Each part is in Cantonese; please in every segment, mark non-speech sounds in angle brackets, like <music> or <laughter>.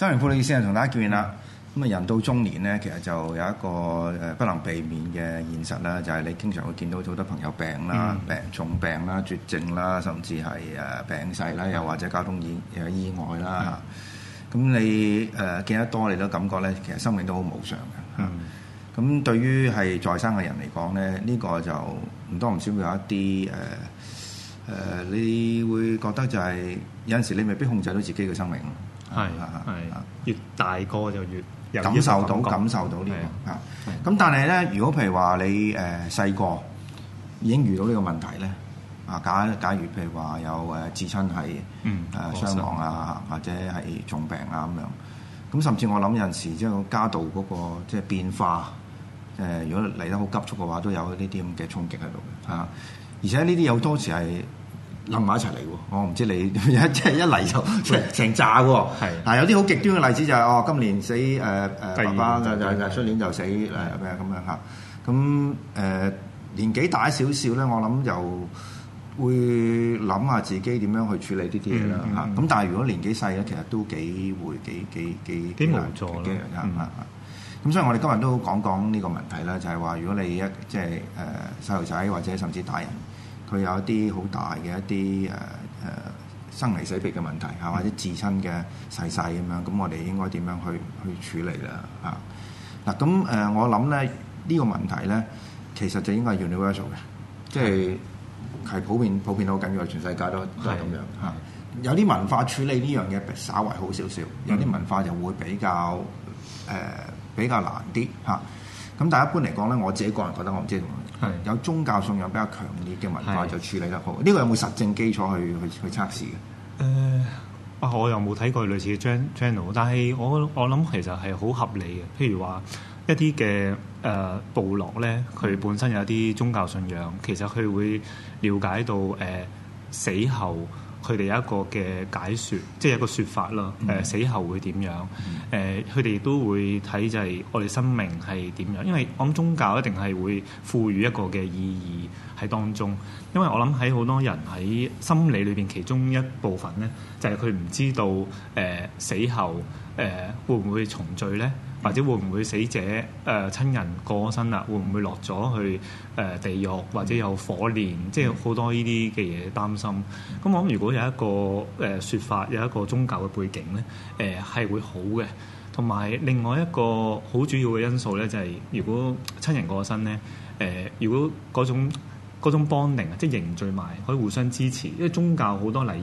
周明富嘅意思係同大家見面啦。咁啊，人到中年咧，其實就有一個誒不能避免嘅現實啦，就係你經常會見到好多朋友病啦、病重病啦、絕症啦，甚至係誒病逝啦，又或者交通意誒意外啦。咁你誒見得多，你都感覺咧，其實生命都好無常嘅。咁對於係在生嘅人嚟講咧，呢個就唔多唔少會有一啲誒誒，你會覺得就係有陣時你未必控制到自己嘅生命。係啊！係啊！越大個就越，越感，感受到感受到呢個啊。咁但係咧，如果譬如話你誒細個已經遇到呢個問題咧啊，假假如譬如話有誒、呃、至親係誒傷亡啊，或者係重病啊咁樣，咁甚至我諗有陣時加、那個、即係家道嗰個即係變化誒、呃，如果嚟得好急促嘅話，都有呢啲咁嘅衝擊喺度嘅啊。而且呢啲有多時係。冧埋一齊嚟喎！我唔知你一即係一嚟就成炸喎。係嗱，有啲好極端嘅例子就係哦，今年死誒誒爸爸，就就出年就死誒咩咁樣嚇。咁誒年紀大少少咧，我諗就會諗下自己點樣去處理呢啲嘢啦嚇。咁但係如果年紀細咧，其實都幾會幾幾幾幾難做嘅。咁所以我哋今日都講講呢個問題啦，就係話如果你一即係誒細路仔或者甚至大人。佢有一啲好大嘅一啲誒誒生離死別嘅問題吓，或者至親嘅逝世咁樣，咁我哋應該點樣去去處理咧？吓，嗱，咁、呃、誒我諗咧呢、呢個問題咧，其實就應該係 universal 嘅，即係係普遍普遍好緊要，全世界都都係咁樣吓是，有啲文化處理呢樣嘢稍為好少少，有啲文化就會比較誒、呃、比較難啲吓，咁但係一般嚟講咧，我自己個人覺得我唔知。係、嗯、有宗教信仰比較強烈嘅文化就處理得好，呢個有冇實證基礎去、嗯、去去測試嘅？誒、呃，啊我又冇睇過類似嘅 journal，但係我我諗其實係好合理嘅。譬如話一啲嘅誒部落咧，佢本身有一啲宗教信仰，其實佢會了解到誒、呃、死後。佢哋有一個嘅解説，即係有一個説法喇。誒、嗯呃，死後會點樣？誒、呃，佢哋都會睇就係我哋生命係點樣，因為我諗宗教一定係會賦予一個嘅意義喺當中。因為我諗喺好多人喺心理裏邊其中一部分咧，就係佢唔知道誒、呃、死後誒、呃、會唔會重聚咧。或者會唔會死者誒、呃、親人過身啦？會唔會落咗去誒、呃、地獄或者有火煉？嗯、即係好多呢啲嘅嘢擔心。咁、嗯、我諗如果有一個誒説、呃、法，有一個宗教嘅背景咧，誒、呃、係會好嘅。同埋另外一個好主要嘅因素咧，就係、是、如果親人過身咧，誒、呃、如果嗰種嗰種 bonding 啊，即係凝聚埋，可以互相支持，因為宗教好多禮儀。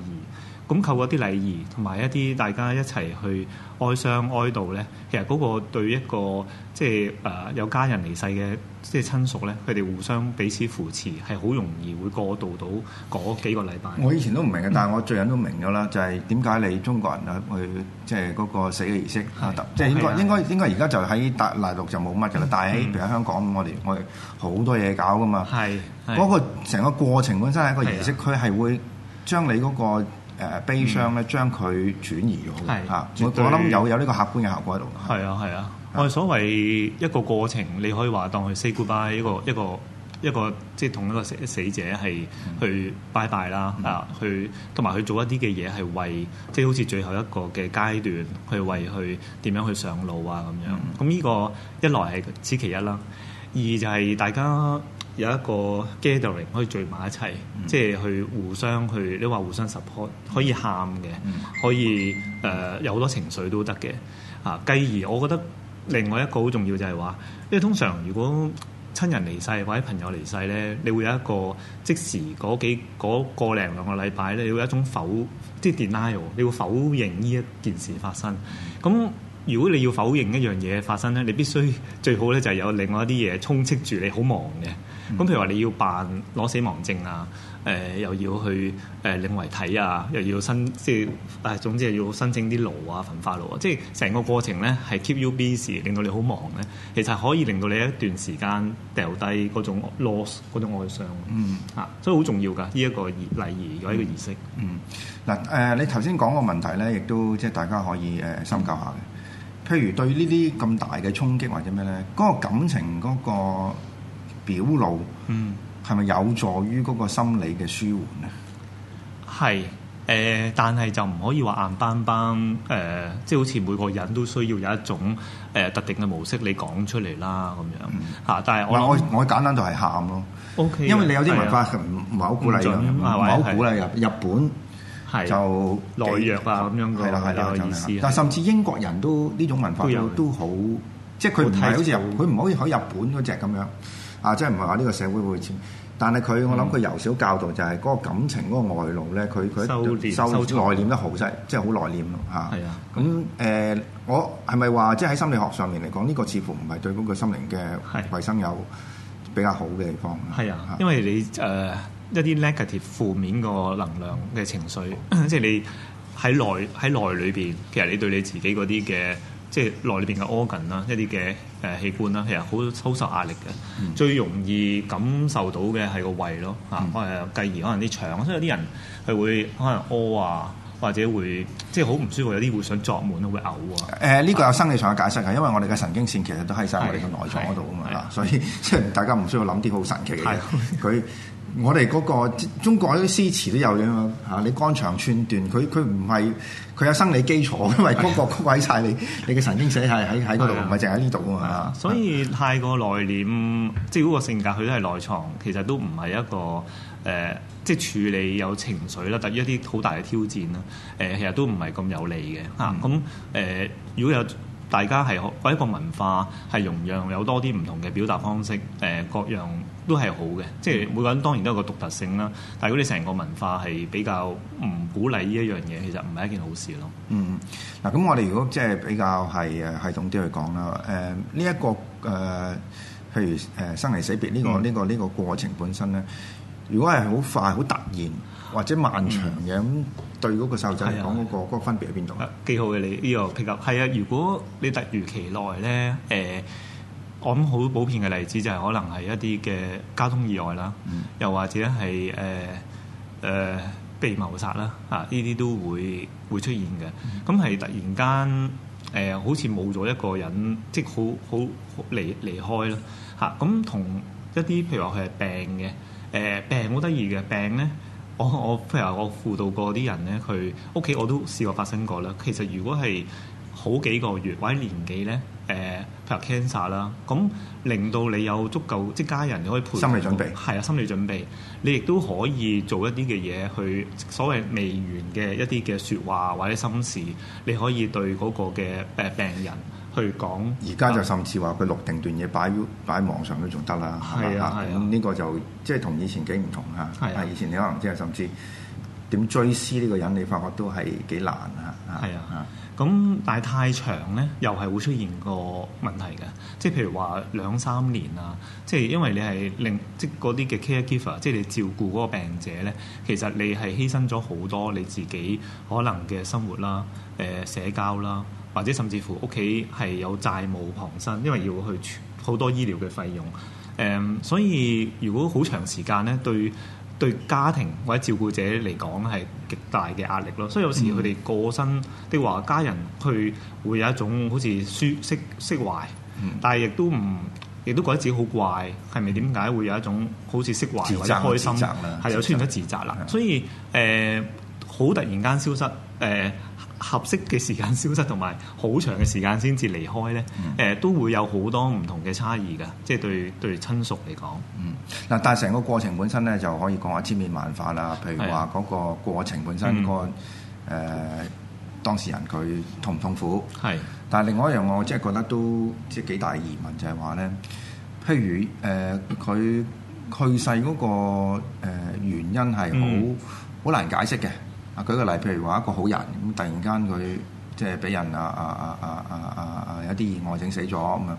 咁靠一啲禮儀同埋一啲大家一齊去哀傷哀悼咧，其實嗰個對一個即係誒有家人離世嘅即係親屬咧，佢哋互相彼此扶持係好容易會過渡到嗰幾個禮拜。我以前都唔明嘅，但係我最近都明咗啦。嗯、就係點解你中國人啊去即係嗰個死嘅儀式是即係應該的應該應該而家就喺大陸就冇乜噶啦，的但係喺香港，嗯、我哋我哋好多嘢搞噶嘛，係嗰、嗰個成個過程本身係一個儀式，佢係會將你嗰個。誒悲傷咧，嗯、將佢轉移咗，嚇、嗯！我我諗有有呢個客觀嘅效果喺度。係啊係啊，啊啊啊，我哋所謂一個過程，你可以話當佢 say goodbye 一個一個一個，即係同一個死死者係去拜拜啦，嗯、啊，去同埋去做一啲嘅嘢，係為即係好似最後一個嘅階段，去為佢點樣去上路啊咁樣。咁呢、嗯、個一來係此其一啦，二就係大家。有一個 gathering 可以聚埋一齊，嗯、即係去互相去你話互相 support，可以喊嘅，嗯、可以誒、呃、有好多情緒都得嘅。啊，繼而我覺得另外一個好重要就係話，因為通常如果親人離世或者朋友離世咧，你會有一個即時嗰幾嗰、嗰個零兩個禮拜咧，你會有一種否即係 deny，你會否認呢一件事發生。咁如果你要否認一樣嘢發生咧，你必須最好咧就係、是、有另外一啲嘢充斥住你好忙嘅。咁譬、嗯、如話你要辦攞死亡證啊，誒、呃、又要去誒、呃、領遺體啊，又要申即係誒總之係要申請啲路啊、焚化路啊，即係成個過程咧係 keep u b u s 令到你好忙咧，其實可以令到你一段時間掉低嗰種 loss 嗰種哀傷。嗯，啊，所以好重要㗎，呢、這、一個儀禮儀有一、這個儀式。嗯，嗱、嗯、誒、嗯呃，你頭先講個問題咧，亦都即係大家可以誒、呃、深究下嘅。譬如對呢啲咁大嘅衝擊或者咩咧，嗰、那個感情嗰、那個。表露係咪有助於嗰個心理嘅舒緩咧？係誒，但係就唔可以話硬邦邦誒，即係好似每個人都需要有一種誒特定嘅模式，你講出嚟啦咁樣嚇。但係我我我簡單就係喊咯。O K，因為你有啲文化唔唔好鼓勵咁，唔好鼓勵日日本就懦弱啊咁樣，係啦，係啦，但係甚至英國人都呢種文化都都好，即係佢唔係好似佢唔可以喺日本嗰隻咁樣。啊，即係唔係話呢個社會會黐？但係佢，我諗佢由小教導就係嗰個感情嗰個外露咧，佢佢收內斂得好曬，即係好內斂咯嚇。係啊。咁誒，我係咪話即係喺心理學上面嚟講，呢個似乎唔係對嗰個心靈嘅衞生有比較好嘅地方？係啊，因為你誒、uh, 一啲 negative 負面個能量嘅情緒，即 <laughs> 係你喺內喺內裏邊，其實你對你自己嗰啲嘅即係內裏邊嘅 organ 啦，一啲嘅。誒、呃、器官啦，其實好受壓力嘅，嗯、最容易感受到嘅係個胃咯，嗯、啊，可能繼而可能啲腸，所以有啲人係會可能屙、呃、啊，或者會即係好唔舒服，有啲會想作悶會、呃、啊，會嘔啊。誒，呢個有生理上嘅解釋㗎，因為我哋嘅神經線其實都喺晒我哋個內臟嗰度啊嘛，所以即係的大家唔需要諗啲好神奇嘅嘢。佢是的 <laughs> 我哋嗰個中國啲詩詞都有嘅嘛嚇，你肝腸寸斷，佢佢唔係佢有生理基礎，因為嗰個屈位曬你，你嘅神經繫喺喺喺嗰度，唔係淨喺呢度啊嘛。所以 <laughs> 太過內斂，即係嗰個性格，佢都係內藏，其實都唔係一個誒、呃，即係處理有情緒啦，特別一啲好大嘅挑戰啦。誒、呃，其實都唔係咁有利嘅啊。咁、呃、誒，如果有。呃大家係學喺一個文化係容讓有多啲唔同嘅表達方式，誒、呃、各樣都係好嘅，即係每個人當然都有個獨特性啦。但如果你成個文化係比較唔鼓勵呢一樣嘢，其實唔係一件好事咯。嗯，嗱咁我哋如果即係比較係誒系統啲去講啦，誒呢一個誒、呃、譬如誒生離死別呢、這個呢、嗯這個呢、這個這個過程本身咧，如果係好快好突然。或者漫長嘅咁、嗯、對嗰個細路仔嚟講嗰個嗰個分別喺邊度？幾好嘅，你呢個提及係啊。如果你突如其來咧，誒、呃，我諗好普遍嘅例子就係可能係一啲嘅交通意外啦，嗯、又或者係誒誒被謀殺啦啊。呢啲都會會出現嘅。咁係、嗯、突然間誒、呃，好似冇咗一個人，即係好好離離開啦嚇。咁、啊、同一啲，譬如話佢係病嘅，誒、呃、病好得意嘅病咧。病呢我我譬如我輔導過啲人咧，佢屋企我都試過發生過啦。其實如果係好幾個月或者年紀咧，誒、呃、譬如 cancer 啦，咁令到你有足夠，即係家人你可以培心理準備，係啊，心理準備，你亦都可以做一啲嘅嘢去。所謂未完嘅一啲嘅說話或者心事，你可以對嗰個嘅誒病人。對講，而家就甚至話佢錄定段嘢擺喺擺喺網上都仲得啦，係啊，咁呢個就即係同以前幾唔同嚇，係啊，以前你可能即係甚至點追思呢個人，你發覺都係幾難啊，係啊，咁但係太長咧，又係會出現個問題嘅，即係譬如話兩三年啊，即係、嗯、因為你係令即係嗰啲嘅 care giver，即係你照顧嗰個病者咧，其實你係犧牲咗好多你自己可能嘅生活啦，誒、呃、社交啦。或者甚至乎屋企係有債務傍身，因為要去好多醫療嘅費用。誒、嗯，所以如果好長時間咧，對對家庭或者照顧者嚟講係極大嘅壓力咯。所以有時佢哋過身的話，嗯、家人去會有一種好似舒釋釋懷，嗯、但係亦都唔亦都覺得自己好怪，係咪點解會有一種好似釋懷或者開心，係有出現咗自責啦。所以誒，好、呃、突然間消失誒。呃呃合適嘅時間消失同埋好長嘅時間先至離開咧，誒、嗯呃、都會有好多唔同嘅差異㗎，即係對對親屬嚟講。嗱、嗯，但係成個過程本身咧就可以講下千變萬化啦。譬如話嗰個過程本身個誒、嗯呃、當事人佢痛唔痛苦？係、嗯，但係另外一樣我即係覺得都即係幾大疑問，就係話咧，譬如誒佢去世嗰個原因係好好難解釋嘅。啊！舉個例，譬如話一個好人咁，突然間佢即係俾人啊啊啊啊啊啊有啲、啊、意外整死咗咁樣。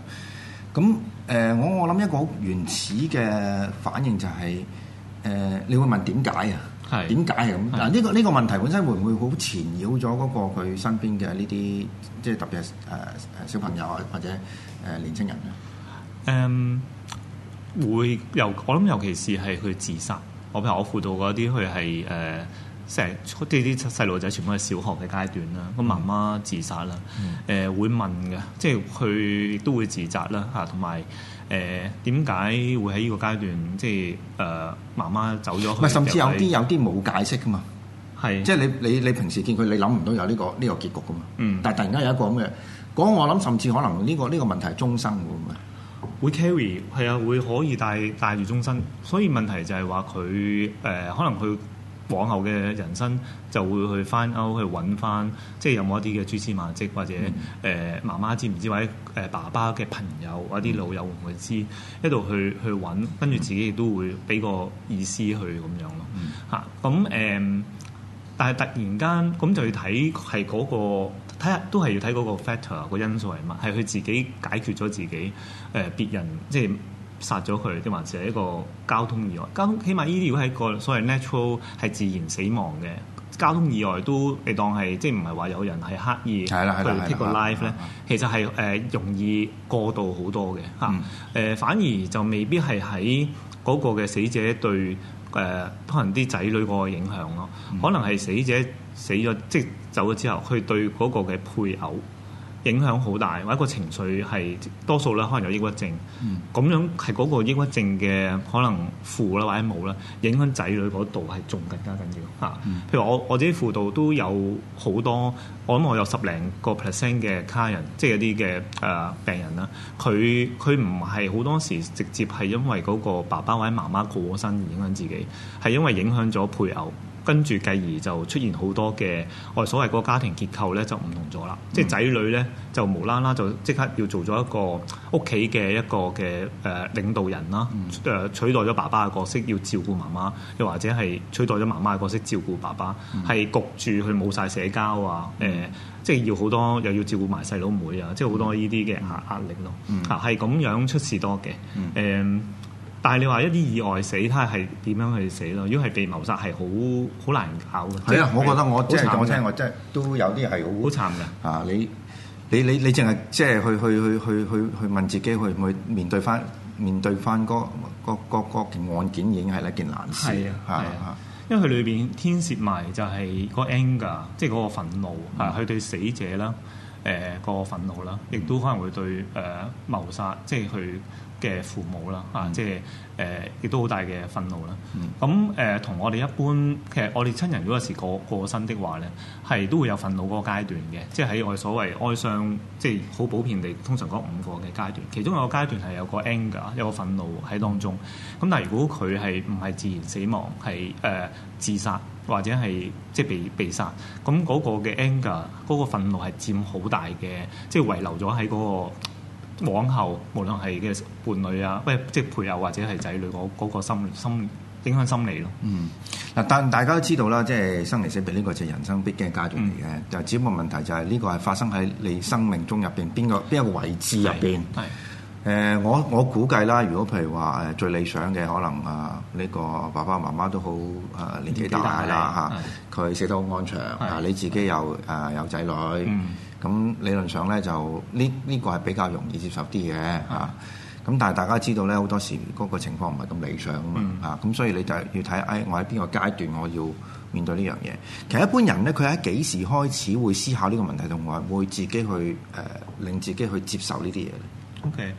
咁誒、呃，我我諗一個好原始嘅反應就係、是、誒、呃，你會問點解是啊？點解咁。嗱、呢個呢個問題本身會唔會好纏繞咗嗰個佢身邊嘅呢啲，即係特別係誒誒小朋友啊，或者誒、呃、年青人咧？誒、呃、會由我諗，尤其是係去自殺。我譬如我輔導嗰啲，佢係誒。呃成即係啲細路仔全部係小學嘅階段啦，個媽媽自殺啦，誒、嗯呃、會問嘅，即係佢都會自責啦嚇，同埋誒點解會喺呢個階段，即係誒、呃、媽媽走咗去？甚至有啲有啲冇解釋噶嘛，係是即係你你你平時見佢，你諗唔到有呢、呢個呢、呢個結局噶嘛，嗯，但係突然間有一個咁嘅講，我諗甚至可能呢、呢個呢、呢個問題係終生嘅，會 carry 係啊，會可以帶帶住終身，所以問題就係話佢誒可能佢。往後嘅人生就會去 find out 去揾返，即係有冇一啲嘅蛛絲馬跡，或者誒媽媽知唔知，或者誒、呃、爸爸嘅朋友或者一啲老友會唔會知，嗯、一度去去揾，跟住自己亦都會俾個意思去咁樣咯。嚇、嗯，咁誒、啊呃，但係突然間咁就要睇係嗰個，睇都係要睇嗰個 factor 個因素係乜，係佢自己解決咗自己誒別、呃、人即係。殺咗佢，亦或者一個交通意外。交通起碼呢啲如果係個所謂 natural 係自然死亡嘅交通意外都，都你當係即係唔係話有人係刻意去 take 個 life 咧？其實係誒、呃、容易過度好多嘅嚇誒，反而就未必係喺嗰個嘅死者對誒可能啲仔女個影響咯。可能係、嗯、死者死咗即係走咗之後，佢對嗰個嘅配偶。影響好大，或者個情緒係多數咧，可能有抑鬱症。咁、嗯、樣係嗰個抑鬱症嘅可能負啦，或者冇啦，影響仔女嗰度係仲更加緊要嚇。啊嗯、譬如我我自己輔導都有好多，我諗我有十零個 percent 嘅家人，即係啲嘅誒病人啦，佢佢唔係好多時直接係因為嗰個爸爸或者媽媽過咗身而影響自己，係因為影響咗配偶。跟住繼而就出現好多嘅，我哋所謂個家庭結構咧就唔同咗啦。嗯、即係仔女咧就無啦啦就即刻要做咗一個屋企嘅一個嘅誒領導人啦，誒、嗯、取代咗爸爸嘅角色要照顧媽媽，又或者係取代咗媽媽嘅角色照顧爸爸，係焗住佢冇晒社交啊！誒、嗯呃，即係要好多又要照顧埋細佬妹、嗯、啊！即係好多呢啲嘅壓力咯，嚇係咁樣出事多嘅，誒、嗯。嗯。但係你話一啲意外死，睇係點樣去死咯？如果係被謀殺，係好好難搞嘅。係啊，就是、我覺得我即係慘我聽，我即係都有啲係好慘嘅。慘啊，你你你你淨係即係去去去去去，去，去問自己，去唔去面對翻面對翻、嗰個件、嗰個、案件已經係一件難事。係啊，啊，啊，因為佢裏邊牽涉埋就係嗰 anger，即係嗰個憤怒佢對死者啦，誒、呃嗰個憤怒啦，亦都可能會對誒謀殺，即係去。嘅父母啦，啊、嗯，即係誒，亦、呃、都好大嘅憤怒啦。咁誒、嗯呃，同我哋一般，其實我哋親人如果時過過身的話咧，係都會有憤怒嗰個階段嘅，即係喺我哋所謂哀傷，即係好普遍地，通常講五個嘅階段，其中一個階段係有個 anger，有個憤怒喺當中。咁但係如果佢係唔係自然死亡，係誒、呃、自殺或者係即係被被殺，咁嗰個嘅 anger，嗰個憤怒係佔好大嘅，即係遺留咗喺嗰個。往後無論係嘅伴侶啊，唔即係配偶或者係仔女嗰、嗰個心心影響心理咯。嗯，嗱但大家都知道啦，即係生離死別呢個就係人生必經階段嚟嘅。就、嗯、只不過問題就係呢個係發生喺你生命中入邊邊個邊一個位置入邊。係誒、呃，我我估計啦，如果譬如話誒最理想嘅可能啊，呢、呢個爸爸媽媽都好誒年紀大啦嚇，佢死得好安詳啊，你自己又誒有仔女。嗯咁理論上咧就呢呢、呢個係比較容易接受啲嘅嚇，咁、嗯啊、但係大家知道咧好多時嗰個情況唔係咁理想嘛、嗯、啊嘛嚇，咁所以你就要睇誒、哎、我喺邊個階段我要面對呢樣嘢。其實一般人咧佢喺幾時開始會思考呢個問題同埋會自己去誒、呃、令自己去接受呢啲嘢咧？OK，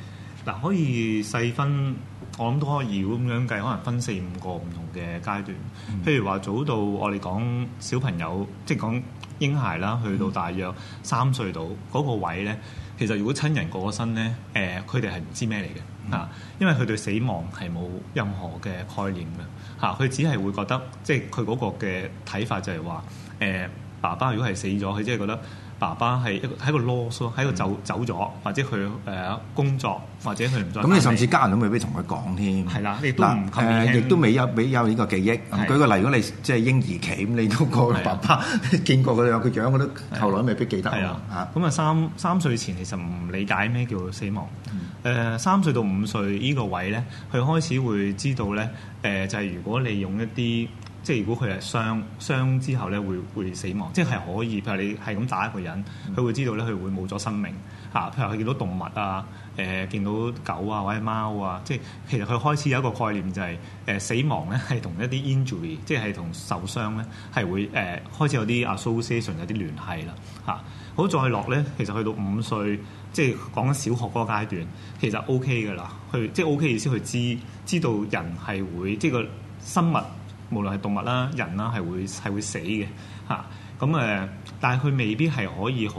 嗱可以細分，我諗都可以咁樣計，可能分四五個唔同嘅階段。嗯、譬如話早到我哋講小朋友，即係講。嬰孩啦，去到大約三歲度嗰、嗰個位咧，其實如果親人過咗身咧，誒佢哋係唔知咩嚟嘅啊，因為佢對死亡係冇任何嘅概念嘅嚇，佢、啊、只係會覺得即係佢嗰個嘅睇法就係話誒爸爸如果係死咗，佢即係覺得。爸爸係一個喺個囉嗦，喺度、嗯、走走咗，或者佢誒工作，或者佢唔再。咁你甚至家人都未必同佢講添。係啦，你都唔、呃、亦都未有，未有呢個記憶。是的 舉個例，如果你即係嬰兒期，咁你都個是的 爸爸見過佢有個樣，我都是的 後來未必記得。係的啊，嚇。咁啊，三三歲前其實唔理解咩叫死亡。誒、嗯呃，三歲到五歲呢個位咧，佢開始會知道咧，誒、呃、就係、是、如果你用一啲。即係如果佢係傷傷之後咧，會會死亡。即係可以，譬如你係咁打一個人，佢、mm. 會知道咧，佢會冇咗生命嚇。譬如佢見到動物啊，誒、呃、見到狗啊或者貓啊，即係其實佢開始有一個概念就係、是、誒、呃、死亡咧係同一啲 injury，即係同受傷咧係會誒、呃、開始有啲 association 有啲聯繫啦嚇。好，再落咧，其實去到五歲，即係講緊小學嗰個階段，其實 O K 噶啦，去即係 O K 意思去知道知道人係會即係個生物。Mm hmm. 無論係動物啦、人啦，係會係會死嘅嚇。咁、啊、誒，但係佢未必係可以好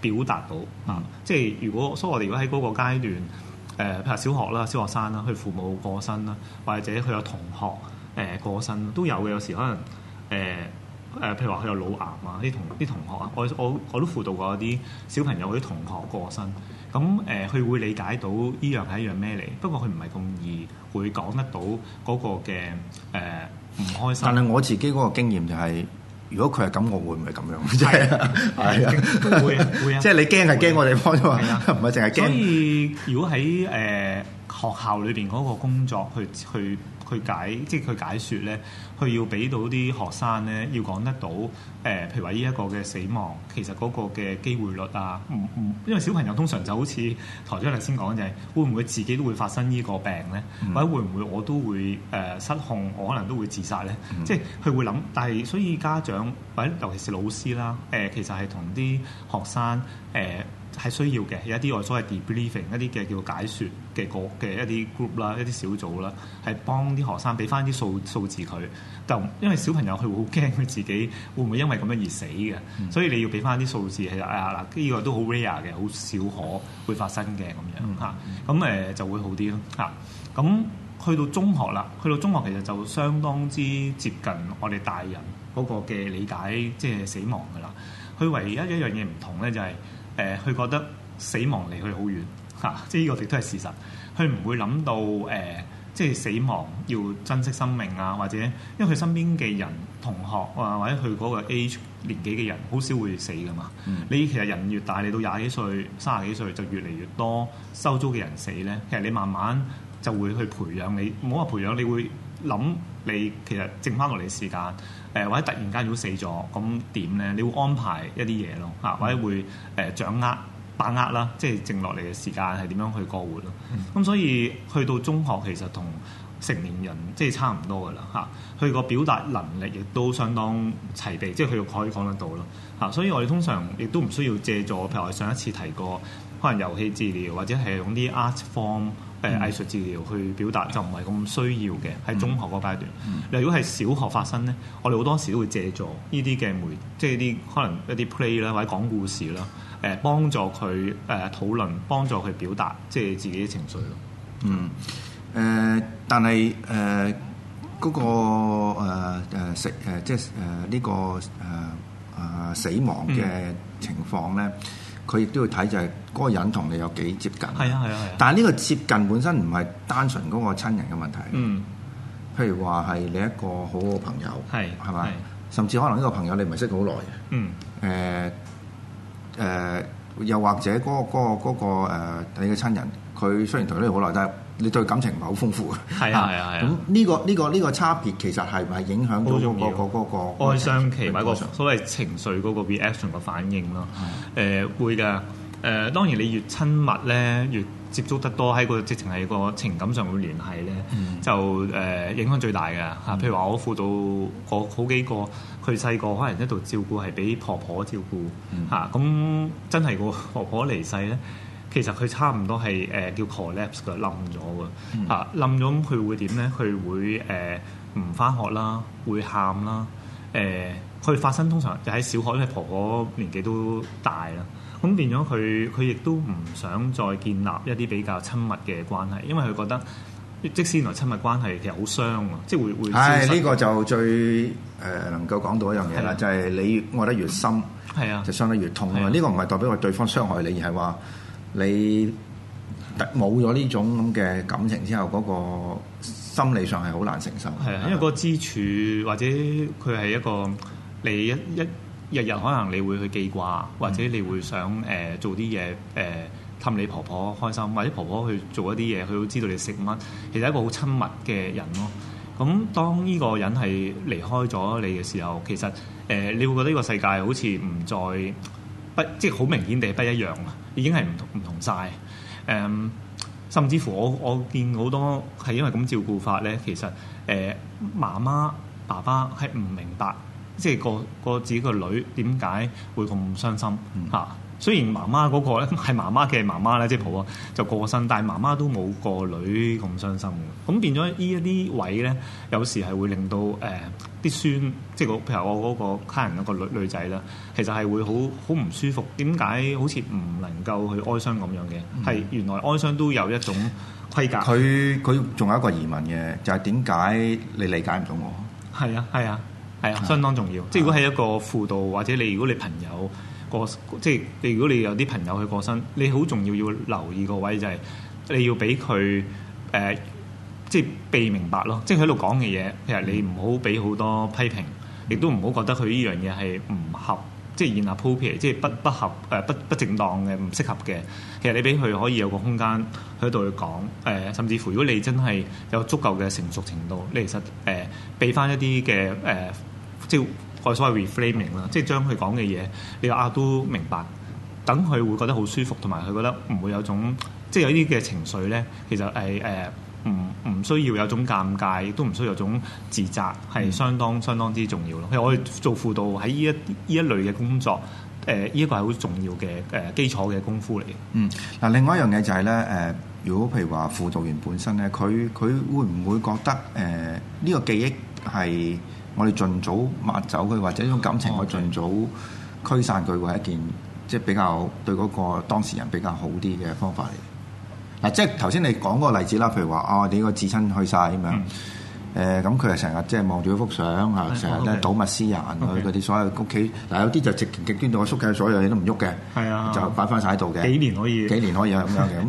表達到啊。嗯、即係如果，所以我哋如果喺嗰個階段，誒、呃、譬如小學啦、小學生啦，佢父母過身啦，或者佢有同學誒、呃、過身都有嘅。有時可能誒誒，譬、呃呃、如話佢有腦癌啊，啲同啲同學啊，我我我都輔導過一啲小朋友啲同學過身。咁、嗯、誒，佢、呃、會理解到依樣係一樣咩嚟？不過佢唔係咁易會講得到嗰個嘅誒。呃唔開心。但係我自己嗰個經驗就係、係，如果佢係咁，我會唔會咁樣？係、 <laughs> 即係、 <laughs> 啊，係啊，會啊， <laughs> 會啊。即係你驚係驚個地方啫嘛，唔係淨係驚。所以 <laughs> 如果喺誒。呃學校裏邊嗰個工作去，去去去解，即係佢解説咧，佢要俾到啲學生咧，要講得到，誒、呃，譬如話呢一個嘅死亡，其實嗰個嘅機會率啊，唔唔、嗯嗯嗯，因為小朋友通常就好似台長頭先講嘅，就係會唔會自己都會發生呢個病咧？嗯、或者會唔會我都會誒、呃、失控，我可能都會自殺咧？嗯、即係佢會諗，但係所以家長或者尤其是老師啦，誒、呃，其實係同啲學生誒。呃係需要嘅，有一啲我所謂 debriefing 一啲嘅叫解說嘅個嘅一啲 group 啦，一啲小組啦，係幫啲學生俾翻啲數數字佢。就因為小朋友佢會好驚，佢自己會唔會因為咁樣而死嘅，嗯、所以你要俾翻啲數字係啊嗱，呢、哎這個都好 rare 嘅，好少可會發生嘅咁樣嚇。咁誒、嗯啊呃、就會好啲咯嚇。咁、啊、去到中學啦，去到中學其實就相當之接近我哋大人嗰個嘅理解，即、就、係、是、死亡噶啦。佢唯一一樣嘢唔同咧就係、是。誒，佢、呃、覺得死亡離佢好遠，嚇、啊，即係呢個亦都係事實。佢唔會諗到誒、呃，即係死亡要珍惜生命啊，或者因為佢身邊嘅人同學或、呃、或者佢嗰個 age 年紀嘅人好少會死噶嘛。嗯、你其實人越大，你到廿幾歲、卅幾歲就越嚟越多收租嘅人死咧。其實你慢慢就會去培養你，唔好話培養，你會諗你其實剩翻落嚟時間。誒或者突然間如果死咗，咁點咧？你會安排一啲嘢咯，嚇或者會誒掌握把握啦，即係剩落嚟嘅時間係點樣去過活咯。咁、嗯、所以去到中學其實同成年人即係、就是、差唔多噶啦，嚇。佢個表達能力亦都相當齊備，即係佢可以講得到咯，嚇。所以我哋通常亦都唔需要借助，譬如我上一次提過，可能遊戲治療或者係用啲 art form。誒、嗯、藝術治療去表達就唔係咁需要嘅，喺、嗯、中學嗰個階段。嗱、嗯，如果係小學發生咧，嗯、我哋好多時都會借助呢啲嘅媒，即係啲可能一啲 play 啦，或者講故事啦，誒幫助佢誒討論，幫助佢表達即係自己嘅情緒咯。嗯。誒，但係誒嗰個誒誒死即係誒呢個誒誒死亡嘅情況咧。佢亦都要睇就係嗰個人同你有幾接近。係啊係啊，啊但係呢個接近本身唔係單純嗰個親人嘅問題。嗯。譬如話係你一個好嘅朋友。係。係咪？甚至可能呢個朋友你唔係識好耐嘅。嗯。誒誒、呃呃，又或者嗰、嗰個嗰、嗰個嗰個呃、你嘅親人，佢雖然同你好耐，但係。你對感情唔係好豐富，係啊係啊係啊。咁呢、啊啊這個呢、這個呢、這個差別其實係咪影響到嗰、那個嗰、那個哀傷期，或、那、者所謂情緒嗰個 reaction 嘅反應咯？誒的、呃、會㗎。誒、呃、當然你越親密咧，越接觸得多，喺個直情係個情感上會聯繫咧，嗯、就誒、呃、影響最大㗎。嚇，譬如話我輔導個好幾個，佢細個可能喺度照顧係俾婆婆照顧嚇，咁、嗯啊、真係個婆婆離世咧。其實佢差唔多係誒叫 collapse 嘅冧咗㗎啊！冧咗咁佢會點咧？佢會誒唔返學啦，會喊啦誒。佢、呃、發生通常就喺小學，因為婆婆年紀都大啦，咁變咗佢佢亦都唔想再建立一啲比較親密嘅關係，因為佢覺得即使原來親密關係其實好傷啊。即係會會。呢、哎這個就最誒、呃、能夠講到一樣嘢啦，啊、就係你愛得越深，係啊，就傷得越痛啊。呢個唔係代表話對方傷害你，而係話。你冇咗呢種咁嘅感情之後，嗰、那個心理上係好難承受嘅。係的吧，因為個支柱或者佢係一個你一一日日可能你會去記掛，或者你會想誒、呃、做啲嘢誒氹你婆婆開心，或者婆婆去做一啲嘢，佢都知道你食乜，其實一個好親密嘅人咯、哦。咁當呢個人係離開咗你嘅時候，其實誒、呃、你會覺得呢個世界好似唔再不即係好明顯地係不一樣啊。已經係唔同唔同曬，誒、嗯，甚至乎我我見好多係因為咁照顧法咧，其實誒、呃、媽媽爸爸係唔明白，即、就、係、是、個個自己個女點解會咁傷心嚇。嗯雖然媽媽嗰、嗰個咧係媽媽嘅媽媽咧，即係婆婆就過身，但係媽媽都冇個女咁傷心嘅。咁變咗呢一啲位咧，有時係會令到誒啲、呃、孫，即係譬如我嗰、嗰個家人嗰個女女仔啦，其實係會好好唔舒服。點解好似唔能夠去哀傷咁樣嘅？係、嗯、原來哀傷都有一種規格。佢佢仲有一個疑問嘅，就係點解你理解唔到我？係啊係啊係啊，啊，相當重要。啊、即係如果喺一個輔導或者如果你如果你朋友。過即係你，如果你有啲朋友去過身，你好重要要留意個位就係你要俾佢誒，即係被明白咯。即係喺度講嘅嘢，其實你唔好俾好多批評，亦都唔好覺得佢呢樣嘢係唔合，即係現下普遍，即係不不合誒、不、呃、不正當嘅、唔適合嘅。其實你俾佢可以有個空間喺度去講誒、呃，甚至乎如果你真係有足夠嘅成熟程度，你其實誒俾翻一啲嘅誒，即係。所謂 reframing 啦，即係將佢講嘅嘢，你啊都明白。等佢會覺得好舒服，同埋佢覺得唔會有種，即係有啲嘅情緒咧，其實係誒唔唔需要有種尷尬，亦都唔需要有種自責，係相當相當之重要咯。其實我哋做輔導喺呢一呢一類嘅工作，誒呢一個係好重要嘅誒、呃、基礎嘅功夫嚟嘅。嗯，嗱，另外一樣嘢就係、是、咧，誒、呃，如果譬如話輔導員本身咧，佢佢會唔會覺得誒呢、呃這個記憶係，我哋盡早抹走佢，或者呢種感情，我盡早驅散佢，係 Okay. 一件即係、就是、比較對嗰個當事人比較好啲嘅方法嚟。嗱、啊，即係頭先你講嗰個例子啦，譬如話啊，你個至親去晒咁樣，誒咁佢係成日即係望住嗰幅相啊，成日都睹物思人啊，嗰啲 Okay. 所有屋企嗱，有啲就直情極端到我縮緊所有嘢都唔喐嘅，係啊 Yeah.，就擺翻晒喺度嘅，幾年可以，幾年可以啊咁 <laughs> 樣嘅。咁、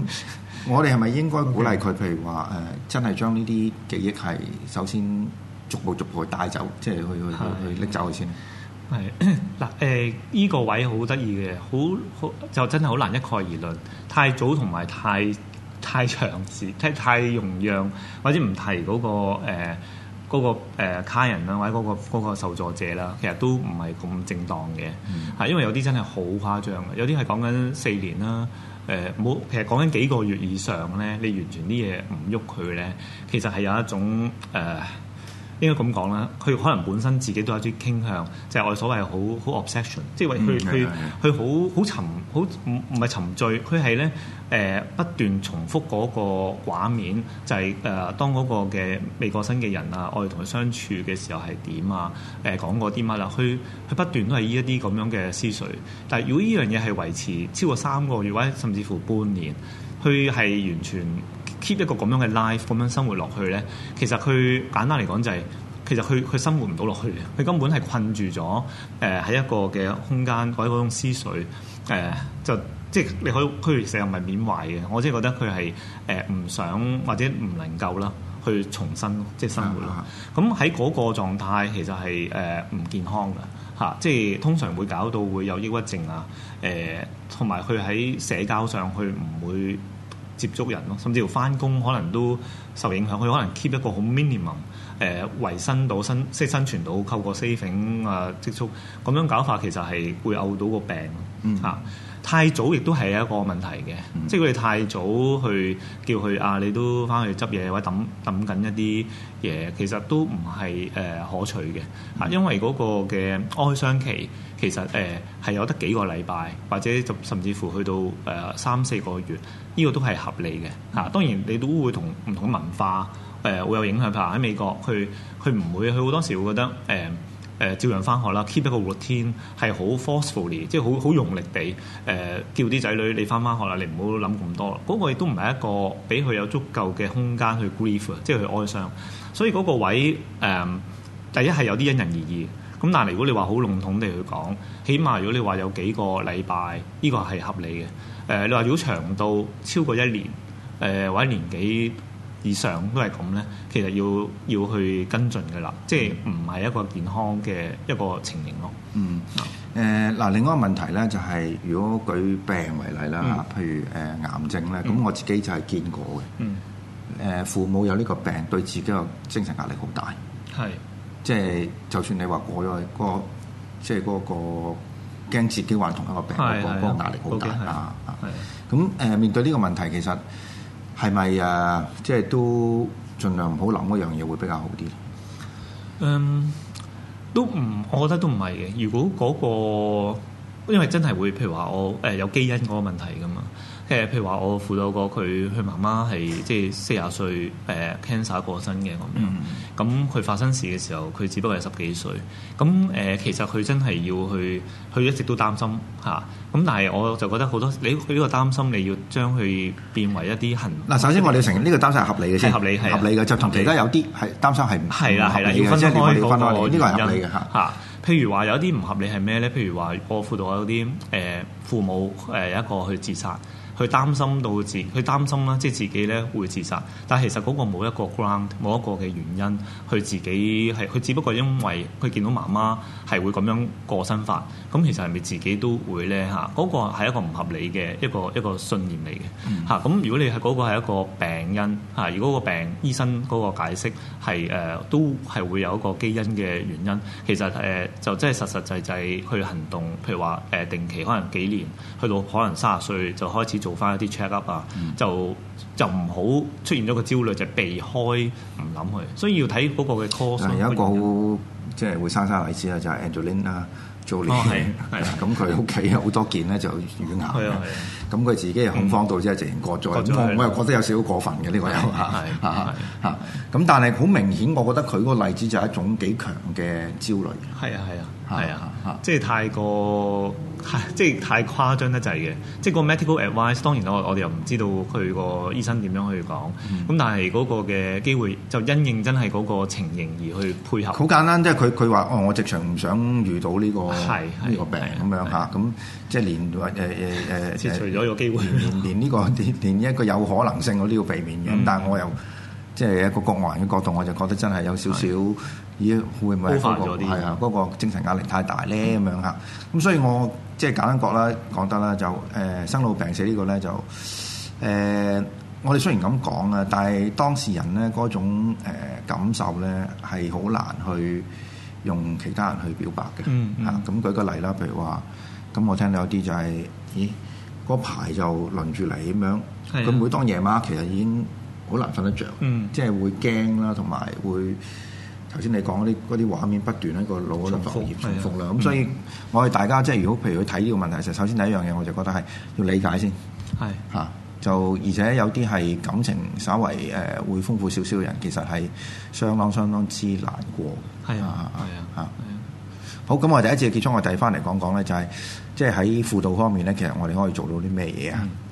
嗯、我哋係咪應該鼓勵佢？Okay. 譬如話誒、呃，真係將呢啲記憶係首先。逐步逐步帶走，即係去是的 去去拎走佢先。係嗱，誒、呃、依、這個位好得意嘅，好好就真係好難一概而論。太早同埋太太長時，太太容讓，或者唔提嗰、那個誒嗰、呃那個、呃、卡人啦，或者嗰、那個那個受助者啦，其實都唔係咁正當嘅。係、嗯、因為有啲真係好誇張嘅，有啲係講緊四年啦。誒、呃，冇其實講緊幾個月以上咧，你完全啲嘢唔喐佢咧，其實係有一種誒。呃呃應該咁講啦，佢可能本身自己都有啲傾向，就係、是、我哋所謂好好 obsession，即係佢佢佢好好沉好唔唔係沉醉，佢係咧誒不斷重複嗰個畫面，就係、是、誒、呃、當嗰個嘅未過身嘅人啊，我哋同佢相處嘅時候係點啊？誒、呃、講過啲乜啦？佢佢不斷都係依一啲咁樣嘅思緒。但係如果呢樣嘢係維持超過三個月，或者甚至乎半年，佢係完全，keep 一個咁樣嘅 life 咁樣生活落去咧，其實佢簡單嚟講就係、是，其實佢佢生活唔到落去嘅，佢根本係困住咗，誒、呃、喺一個嘅空間，或者嗰種思緒，誒、呃、就即係你可以佢成日唔係緬懷嘅，我即係覺得佢係誒唔想或者唔能夠啦，去重新即係生活咯。咁喺嗰個狀態其實係誒唔健康嘅㗎、啊，即係通常會搞到會有抑鬱症啊，誒同埋佢喺社交上佢唔會。接觸人咯，甚至乎翻工可能都受影響。佢可能 keep 一個好 minimum，誒、呃、維生到生，即係生存到，扣個 saving 啊積蓄，咁樣搞法其實係會嘔到個病，嚇、嗯。太早亦都係一個問題嘅，嗯、即係佢哋太早去叫佢啊，你都翻去執嘢或者等，等等緊一啲嘢，其實都唔係誒可取嘅嚇、啊，因為嗰個嘅哀傷期其實誒係、呃、有得幾個禮拜，或者甚至乎去到誒、呃、三四個月，呢、這個都係合理嘅嚇、啊。當然你都會同唔同文化誒、呃、會有影響嘅，譬如喺美國佢佢唔會，佢好多時會覺得誒。呃誒、呃，照樣翻學啦，keep 一個 routine 係好 forcefully，即係好好用力地誒、呃，叫啲仔女你翻翻學啦，你唔好諗咁多啦。嗰、那個亦都唔係一個俾佢有足夠嘅空間去 grief 即係去哀傷。所以嗰個位誒、呃，第一係有啲因人而異。咁但係如果你話好籠統地去講，起碼如果你話有幾個禮拜，呢、這個係合理嘅。誒、呃，你話如果長到超過一年，誒、呃、或者年幾？以上都係咁咧，其實要要去跟進嘅啦，即係唔係一個健康嘅一個情形咯。嗯。誒嗱，另外一個問題咧就係，如果舉病為例啦，譬如誒癌症咧，咁我自己就係見過嘅。嗯。誒，父母有呢個病，對自己個精神壓力好大。係。即係就，就算你話過咗，個即係嗰個驚自己患同一個病嗰個壓力好大啊。咁誒，面對呢個問題，其實～係咪啊？即係都盡量唔好諗嗰樣嘢會比較好啲。嗯，都唔，我覺得都唔係嘅。如果嗰個，因為真係會，譬如話我誒有基因嗰個問題㗎嘛。誒，譬如話我輔導過佢，佢媽媽係即係四十歲誒 cancer、呃、過身嘅咁，咁、呃、佢發生事嘅時候，佢只不過係十幾歲。咁、呃、誒，其實佢真係要去，佢一直都擔心嚇。咁、啊、但係我就覺得好多你呢個擔心，你要將佢變為一啲行。嗱，首先我哋要承認呢個擔心係合理嘅先，合理係合理嘅。理就同其他有啲係擔心係唔係啦，係啦，要分開嗰個。呢個係合理嘅嚇嚇。譬如話有啲唔合理係咩咧？譬如話我輔導有啲誒、呃、父母有、呃、一個去自殺。去擔心到自去擔心啦，即係自己咧會自殺，但係其實個冇一個 ground，冇一個嘅原因。佢自己係佢只不過因為佢見到媽媽係會咁樣過身法，咁其實係咪自己都會咧？吓、嗰個係一個唔合理嘅一個一個信念嚟嘅吓。咁如果你係、嗰個係一個病因嚇，如果個病醫生個解釋係誒、呃、都係會有一個基因嘅原因。其實誒、呃、就真係實實際際去行動，譬如話誒、呃、定期可能幾年，去到可能卅歲就開始。做翻一啲 check up 啊，就就唔好出現咗個焦慮，就避開唔諗佢，所以要睇嗰個嘅 course。有一個即係會生生例子啦，就係 Angelina Jolie 啊，咁佢屋企好多件咧，就乳癌啊，咁佢自己嘅恐慌到，即係直情割咗。我又覺得有少少過分嘅呢個又嚇嚇嚇。咁但係好明顯，我覺得佢嗰個例子就係一種幾強嘅焦慮。係啊係啊係啊，即係太過。即係太誇張得滯嘅。即係個 medical advice，當然啦，我哋又唔知道佢個醫生點樣去講。咁、嗯、但係嗰個嘅機會，就因應真係嗰個情形而去配合。好簡單，即係佢佢話哦，我直情唔想遇到呢個呢個病咁樣嚇。咁即係連話誒誒誒，切除咗個機會，連連、這、呢個連一個有可能性我都要避免嘅。咁、嗯、但係我又即係一個國外人嘅角度，我就覺得真係有少少。咦？會唔會係嗰個啊？嗰個精神壓力太大咧咁樣吓，咁、嗯、所以我即係簡單講啦，講得啦就誒生老病死呢、呢個咧就誒，我哋雖然咁講啊，但係當事人咧嗰種感受咧係好難去用其他人去表白嘅嚇。咁、嗯嗯、舉個例啦，譬如話咁，我聽到有啲就係、是、咦嗰排就輪住嚟咁樣，佢是、啊、每當夜晚其實已經好難瞓得着，嗯、即係會驚啦，同埋會。頭先你講嗰啲啲畫面不斷喺個腦度復業復咁， <noise> 所以、嗯、我哋大家即係如果譬如去睇呢個問題，就首先第一樣嘢我就覺得係要理解先係嚇的、啊。就而且有啲係感情稍為誒、呃、會豐富少少嘅人，其實係相當相當之難過係的啊係啊啊好。咁我第一次結束，我哋翻嚟講講咧、就是，就係即係喺輔導方面咧，其實我哋可以做到啲咩嘢啊？的 <noise>